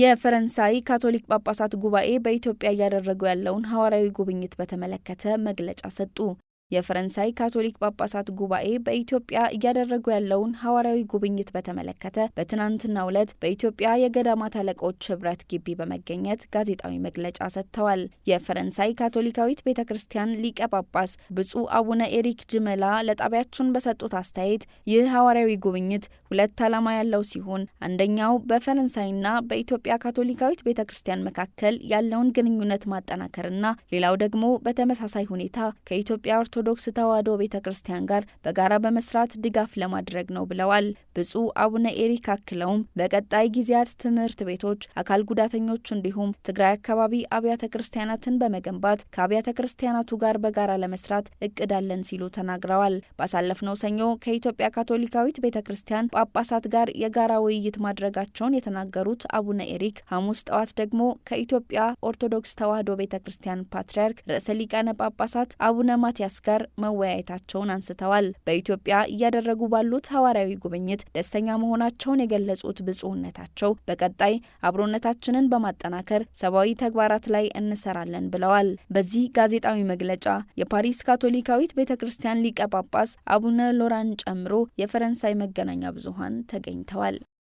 የፈረንሳይ ካቶሊክ ጳጳሳት ጉባኤ በኢትዮጵያ እያደረጉ ያለውን ሐዋርያዊ ጉብኝት በተመለከተ መግለጫ ሰጡ። የፈረንሳይ ካቶሊክ ጳጳሳት ጉባኤ በኢትዮጵያ እያደረጉ ያለውን ሐዋርያዊ ጉብኝት በተመለከተ በትናንትናው ዕለት በኢትዮጵያ የገዳማት አለቆች ህብረት ግቢ በመገኘት ጋዜጣዊ መግለጫ ሰጥተዋል። የፈረንሳይ ካቶሊካዊት ቤተ ክርስቲያን ሊቀ ጳጳስ ብፁዕ አቡነ ኤሪክ ጅመላ ለጣቢያችን በሰጡት አስተያየት ይህ ሐዋርያዊ ጉብኝት ሁለት ዓላማ ያለው ሲሆን አንደኛው በፈረንሳይና በኢትዮጵያ ካቶሊካዊት ቤተ ክርስቲያን መካከል ያለውን ግንኙነት ማጠናከርና ሌላው ደግሞ በተመሳሳይ ሁኔታ ከኢትዮጵያ ኦርቶዶክስ ተዋሕዶ ቤተ ክርስቲያን ጋር በጋራ በመስራት ድጋፍ ለማድረግ ነው ብለዋል። ብፁዕ አቡነ ኤሪክ አክለውም በቀጣይ ጊዜያት ትምህርት ቤቶች፣ አካል ጉዳተኞች እንዲሁም ትግራይ አካባቢ አብያተ ክርስቲያናትን በመገንባት ከአብያተ ክርስቲያናቱ ጋር በጋራ ለመስራት እቅዳለን ሲሉ ተናግረዋል። ባሳለፍነው ሰኞ ከኢትዮጵያ ካቶሊካዊት ቤተ ክርስቲያን ጳጳሳት ጋር የጋራ ውይይት ማድረጋቸውን የተናገሩት አቡነ ኤሪክ ሐሙስ ጠዋት ደግሞ ከኢትዮጵያ ኦርቶዶክስ ተዋሕዶ ቤተ ክርስቲያን ፓትርያርክ ርዕሰ ሊቃነ ጳጳሳት አቡነ ማትያስ ጋር መወያየታቸውን አንስተዋል። በኢትዮጵያ እያደረጉ ባሉት ሐዋርያዊ ጉብኝት ደስተኛ መሆናቸውን የገለጹት ብፁዕነታቸው በቀጣይ አብሮነታችንን በማጠናከር ሰብአዊ ተግባራት ላይ እንሰራለን ብለዋል። በዚህ ጋዜጣዊ መግለጫ የፓሪስ ካቶሊካዊት ቤተ ክርስቲያን ሊቀ ጳጳስ አቡነ ሎራን ጨምሮ የፈረንሳይ መገናኛ ብዙሃን ተገኝተዋል።